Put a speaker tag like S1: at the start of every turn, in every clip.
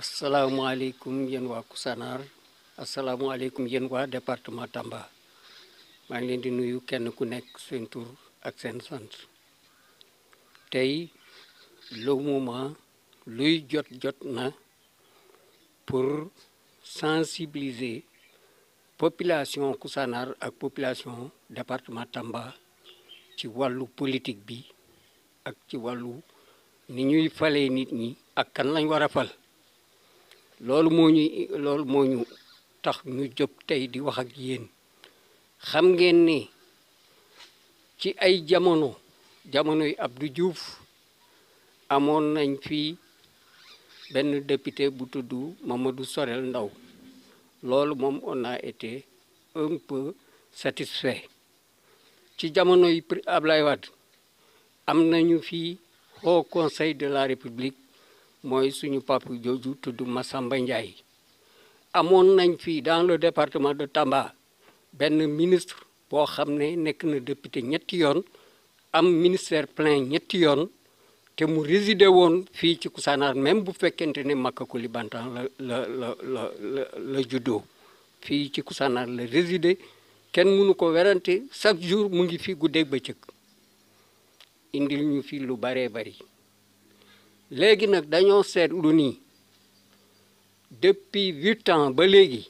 S1: asalaamaaleykum yéen waa Koussanar asalaamaaleykum yéen waa département Tamba maa ngi leen di nuyu kenn ku nekk seen tur ak seen sant tey le moment luy jot jot na pour sensibiliser population Koussanar ak population département Tamba ci wàllu politik bi ak ci wàllu ni ñuy falee nit ñi ak kan lañ war a fal loolu moo ñu loolu moo tax ñu jóg tey di wax ak yéen xam ngeen ni ci ay jamono jamonoy du Diouf amoon nañ fi benn député bu tudd du Sorel Ndaw loolu moom on a été un peu satisfait ci jamonoy Ablaye Wade am nañu fii Haut Conseil de la République mooy suñu papa jooju tudd Massamba Ndiaye amoon nañ fii dans le département de Tamba benn ministre boo xam ne nekk na député ñetti yoon am ministère plein ñetti yoon te mu résidé woon fii ci Koussanar même bu fekkente ne Makakuli Bantan la la la la la juddoo fii ci Koussanar la résidé kenn mënu ko werante chaque jour mu ngi fi guddeeg bëccëg indil ñu fi lu baree bari léegi nag dañoo seetlu nii depuis huit ba léegi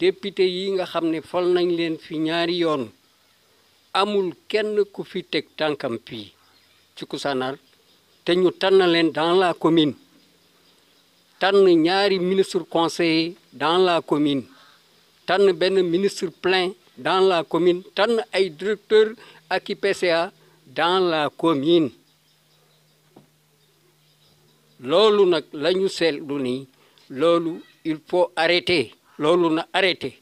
S1: député yi nga xam ne fal nañ leen fi ñaari yoon amul kenn ku fi teg tànkam fii ci Koussanar te ñu tànnaleen leen dans la commune tànn ñaari ministre conseiller dans la commune tànn benn ministre plein dans la commune tànn ay directeur ak i PCA dans la commune loolu nag lañu ñu seetlu nii loolu il faut arrêter loolu na arrêter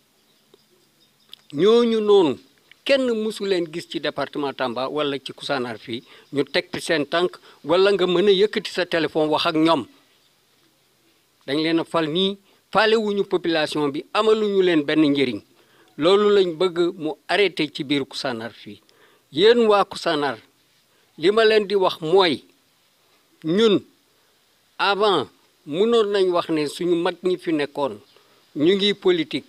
S1: ñooñu noonu kenn mësu leen gis ci département Tamba wala ci Koussanar fii ñu teg seen tànk walla nga mën a yëkkati sa téléphone wax ak ñoom dañ leen a fal nii falewuñu population bi amaluñu leen benn njëriñ loolu lañ bëgg mu arrêté ci biir Koussanar fi yéen waa Koussanar li ma di wax mooy ñun avant mënoon nañ wax ne suñu mag ñi fi nekkoon ñu ngi politique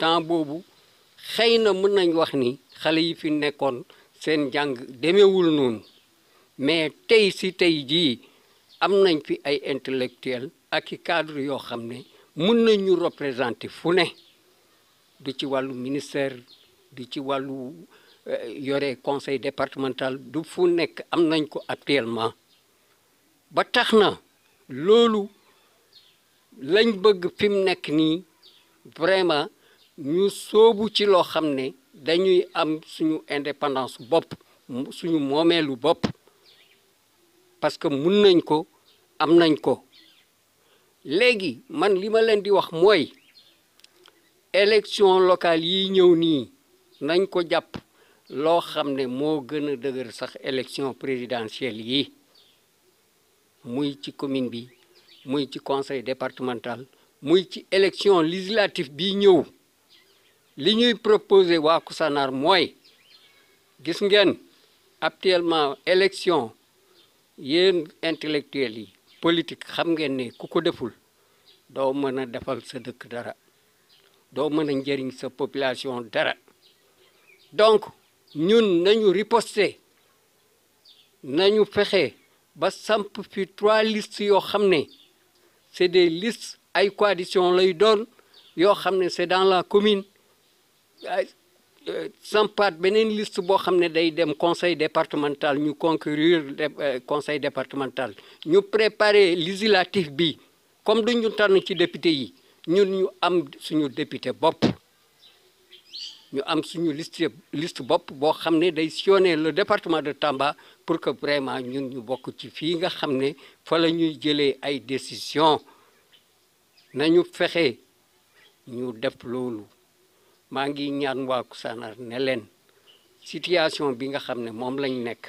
S1: temps boobu xëy na mën nañ wax ni xale yi fi nekkoon seen njàng demewul noonu mais tey si tey jii am nañ fi ay intellectuel ak i cadre yoo xam ne mën nañu représenter fu ne du ci wàllu ministère di ci wàllu euh, yore conseil départemental du fu nekk am nañ ko actuellement ba tax na loolu lañ bëgg fi mu nekk nii vraiment ñu soobu ci loo xam ne dañuy am suñu indépendance bopp suñu moomeelu bopp parce que mun nañ ko am nañ ko léegi man li ma leen di wax mooy élection locale yi ñëw nii nañ ko jàpp loo xam ne moo gën a dëgër sax élection présidentielle yi muy ci commune bi muy ci conseil départemental muy ci élection législative bi ñëw li ñuy proposé waa Koussanar mooy gis ngeen actuellement élection yéen intellectuels yi politique xam ngeen ne ku ko deful doo mën a defal sa dëkk dara doo mën a njëriñ sa population dara donc ñun nañu riposter nañu fexe ba samp fi trois listes yoo xam ne c'est des listes ay coalition lay doon yoo xam ne c'est dans la commune euh, sampaat beneen liste boo xam ne day dem conseil départemental ñu concourir euh, conseil départemental ñu préparer législatif bi comme duñu tànn ci député yi ñun ñu am suñu député bopp ñu am suñu liste bopp boo xam ne day sillonner le département de Tamba pour que vraiment ñun ñu bokk ci fii nga xam ne fa la ñuy jëlee ay décision nañu fexe ñu def loolu maa ngi ñaan waa Koussanar ne leen situation bi nga xam ne moom lañ nekk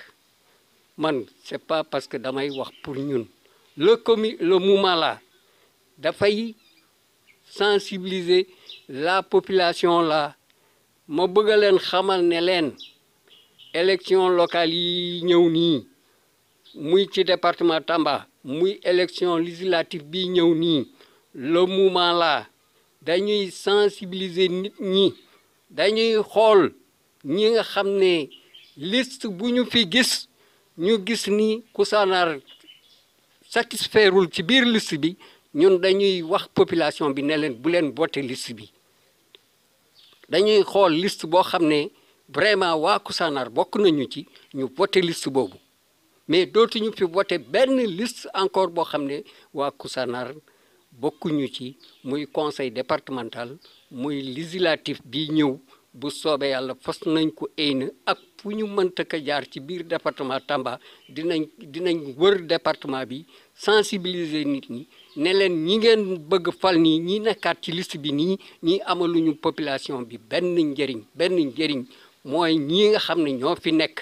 S1: man c'est pas parce que damay wax pour ñun le commis le mouvement là dafay sensibiliser la population là ma bëgg leen xamal ne leen élection locale yi ñëw nii muy ci département Tamba muy élection législative bi ñëw nii le moment là dañuy sensibiliser nit ñi dañuy xool ñi nga xam ne liste bu ñu fi gis ñu gis ni Koussanar satisfairul ci biir liste bi ñun dañuy wax population bi ne leen bu leen voté bi dañuy xool list boo xam ne vraiment waa Koussanar bokk nañu ci ñu vote list boobu mais dootuñu fi vote benn list encore boo xam ne waa Koussanar bokkuñu ci muy conseil départemental muy législatif bi ñëw bu soobee yàlla fas nañ ko ay na ak fu ñu mënta ko jaar ci biir département Tamba dinañ dinañ wër département bi sensibiliser nit ñi ne leen ñi ngeen bëgg fal nii ñi nekkaat ci list bi nii ñi amaluñu population bi benn njëriñ benn njëriñ mooy ñi nga xam ne ñoo fi nekk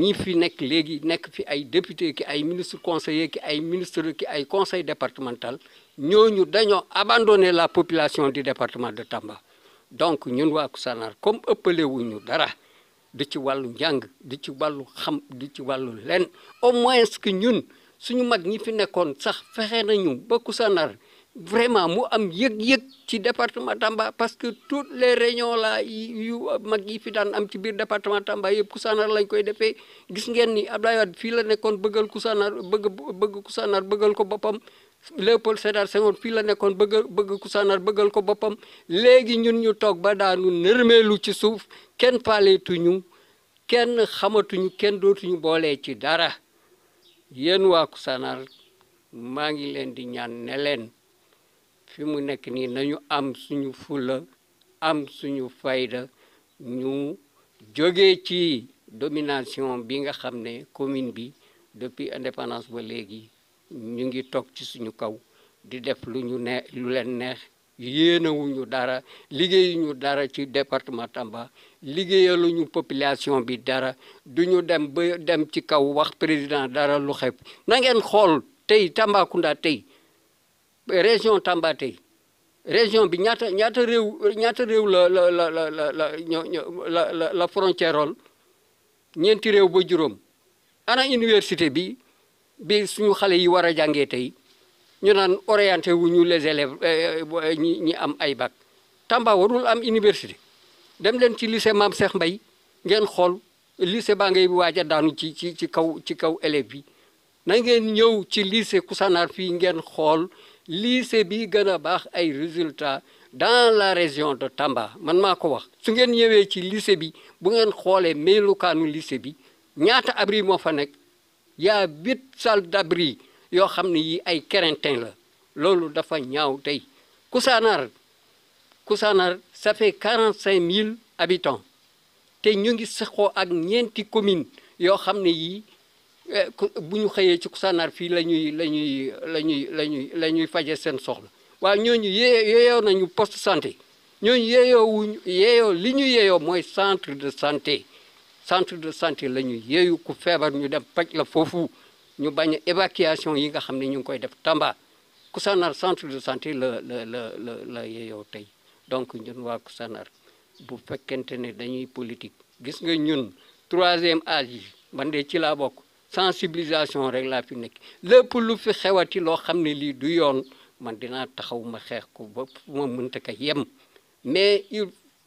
S1: ñi fi nekk léegi nekk fi ay député ki ay ministre conseiller ki ay ministre ki ay conseil départemental ñooñu dañoo abandonné la population du département de Tamba donc ñun waa Koussanar comme ëppale dara di ci wàllu njàng di ci wàllu xam di ci wàllu lenn au moins que ñun suñu mag ñi fi nekkoon sax fexe nañu ba Koussanar vraiment mu am yëg-yëg ci département Tamba parce que tout les réunions là yu mag ñi fi daan am ci biir département Tamba yëpp ku Koussanar lañ koy defee gis ngeen ni Abdoulaye Wade fii la nekkoon bëggal Koussanar bëgg bëgg Koussanar bëggal ko boppam Léopold Sédar Senghor fii la nekkoon bëgg bëgg Koussanar bëggal ko boppam léegi ñun ñu toog ba daanu nërmeelu ci suuf kenn paaleetuñu kenn xamatuñu kenn dootuñu boolee ci dara yéen waa Koussanar maa ngi leen di ñaan ne leen fi mu nekk nii nañu am suñu fulla am suñu fayda ñu jógee ci domination bi nga xam ne commune bi depuis indépendance ba léegi ñu ngi toog ci suñu kaw di def lu ñu ne lu leen neex yéenewuñu dara liggéeyuñu dara ci département Tamba liggéeyaluñu population bi dara duñu dem ba dem ci kaw wax président dara lu xew na ngeen xool tey Tambacounda tey région Tamba tey région bi ñaata ñaata réew ñaata réew la la la la la la la la ñeenti réew ba juróom ana université bi bi suñu xale yi war a jàngee tey ñu naan orienté wu ñu les élèves eh, ñi ñi am ay bag Tamba warul am université dem leen ci lycée Mame Cheikh mbay ngeen xool lycée baa ngay waaj a daanu ci ci ci kaw ci kaw élèves yi na ngeen ñëw ci lycée Koussanar fii ngeen xool lycée bi gën a baax ay résultat dans la région de Tamba man maa ko wax su ngeen ñëwee ci lycée bi bu ngeen xoolee melukaanu lycée bi ñaata abri moo fa nekk y a huit salles d'abri yoo xam ne yii ay quarantaine la loolu dafa ñaaw tey Koussanar Koussanar ça fait quarante cinq mille habitants te ñu ngi saxoo ak ñeenti commune yoo xam ne yii eh, bu ñu xëyee ci Koussanar fii la ñuy la ñuy la ñuy la ñuy la ñuy faje seen soxla waaye ñooñu yee yeeyoo nañu poste santé ñooñu li ñu yeeyoo mooy centre de santé centre de santé la ñu yeeyu ku feebar ñu dem paj la foofu ñu bañ évacuation yi nga xam ne ñu ngi koy def Tamba Koussanar centre de santé la la la la la tey donc ñun waa Koussanar bu fekkente ne dañuy politique gis nga ñun troisième âge man de ci laa bokk sensibilisation rek laa fi nekk lépp lu fi xewati loo xam ne lii du yoon man dinaa taxaw ma xeex ko ba fu ma mënta ka yem mais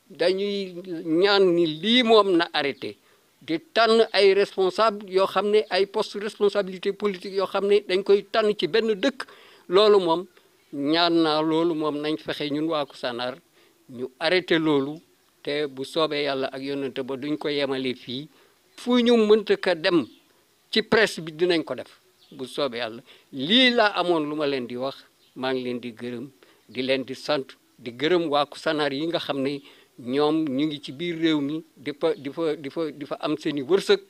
S1: dañuy ñaan ni lii moom na arrêté di tànn ay responsable yoo xam ne ay post responsabilité politique yoo xam ne dañ koy tànn ci benn dëkk loolu moom ñaan naa loolu moom nañ fexe ñun waaku Koussanar ñu arrêté loolu te bu soobee yàlla ak yonente ba duñ ko yemale fii fu ñu mënta ka dem ci presse bi dinañ ko def bu soobee yàlla lii laa amoon lu ma leen di wax maa ngi leen di gërëm di leen di sant di gërëm waaku sanaar yi nga xam ni ñoom ñu ngi ci biir réew mi di fa di fa di fa di fa am seen wërsëg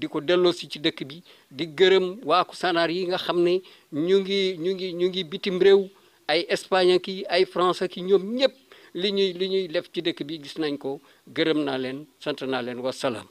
S1: di ko delloo si ci dëkk bi di gërëm waaku Kusanaar yi nga xam ni ñu ngi ñu ngi ñu ngi bitim réew ay Espagne ki ay France ki ñoom ñëpp li ñuy li ñuy def ci dëkk bi gis nañ ko gërëm naa leen sant naa leen wasalaam.